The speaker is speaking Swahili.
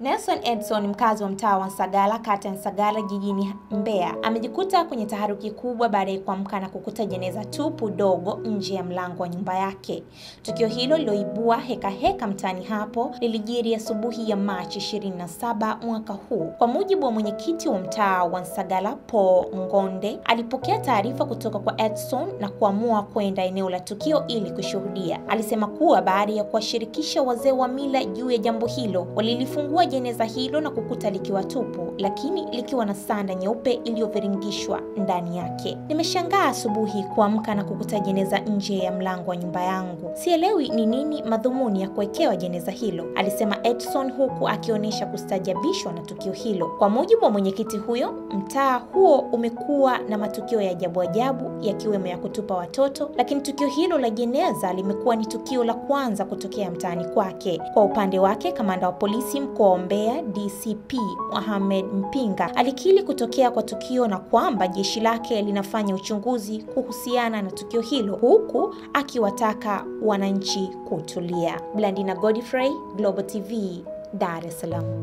Nelson Edson mkazi wa mtaa wa Nsagala kata ya Nsagala jijini Mbeya amejikuta kwenye taharuki kubwa baada ya kuamka na kukuta jeneza tupu dogo nje ya mlango wa nyumba yake. Tukio hilo liloibua heka heka mtaani hapo lilijiri asubuhi ya Machi 27 mwaka huu. Kwa mujibu wa mwenyekiti wa mtaa wa Nsagala Paul Ngonde, alipokea taarifa kutoka kwa Edson na kuamua kwenda eneo la tukio ili kushuhudia. Alisema kuwa baada ya kuwashirikisha wazee wa mila juu ya jambo hilo walilifungua jeneza hilo na kukuta likiwa tupu, lakini likiwa na sanda nyeupe iliyoviringishwa ndani yake. Nimeshangaa asubuhi kuamka na kukuta jeneza nje ya mlango wa nyumba yangu. Sielewi ni nini madhumuni ya kuwekewa jeneza hilo, alisema Edson huku akionyesha kustajabishwa na tukio hilo. Kwa mujibu wa mwenyekiti huyo, mtaa huo umekuwa na matukio ya ajabu ajabu yakiwemo ya kutupa watoto, lakini tukio hilo la jeneza limekuwa ni tukio la kwanza kutokea mtaani kwake. Kwa upande wake, kamanda wa polisi mkoa mgombea DCP Mohamed Mpinga alikiri kutokea kwa tukio na kwamba jeshi lake linafanya uchunguzi kuhusiana na tukio hilo huku akiwataka wananchi kutulia. Blandina Godfrey, Global TV, Dar es Salaam.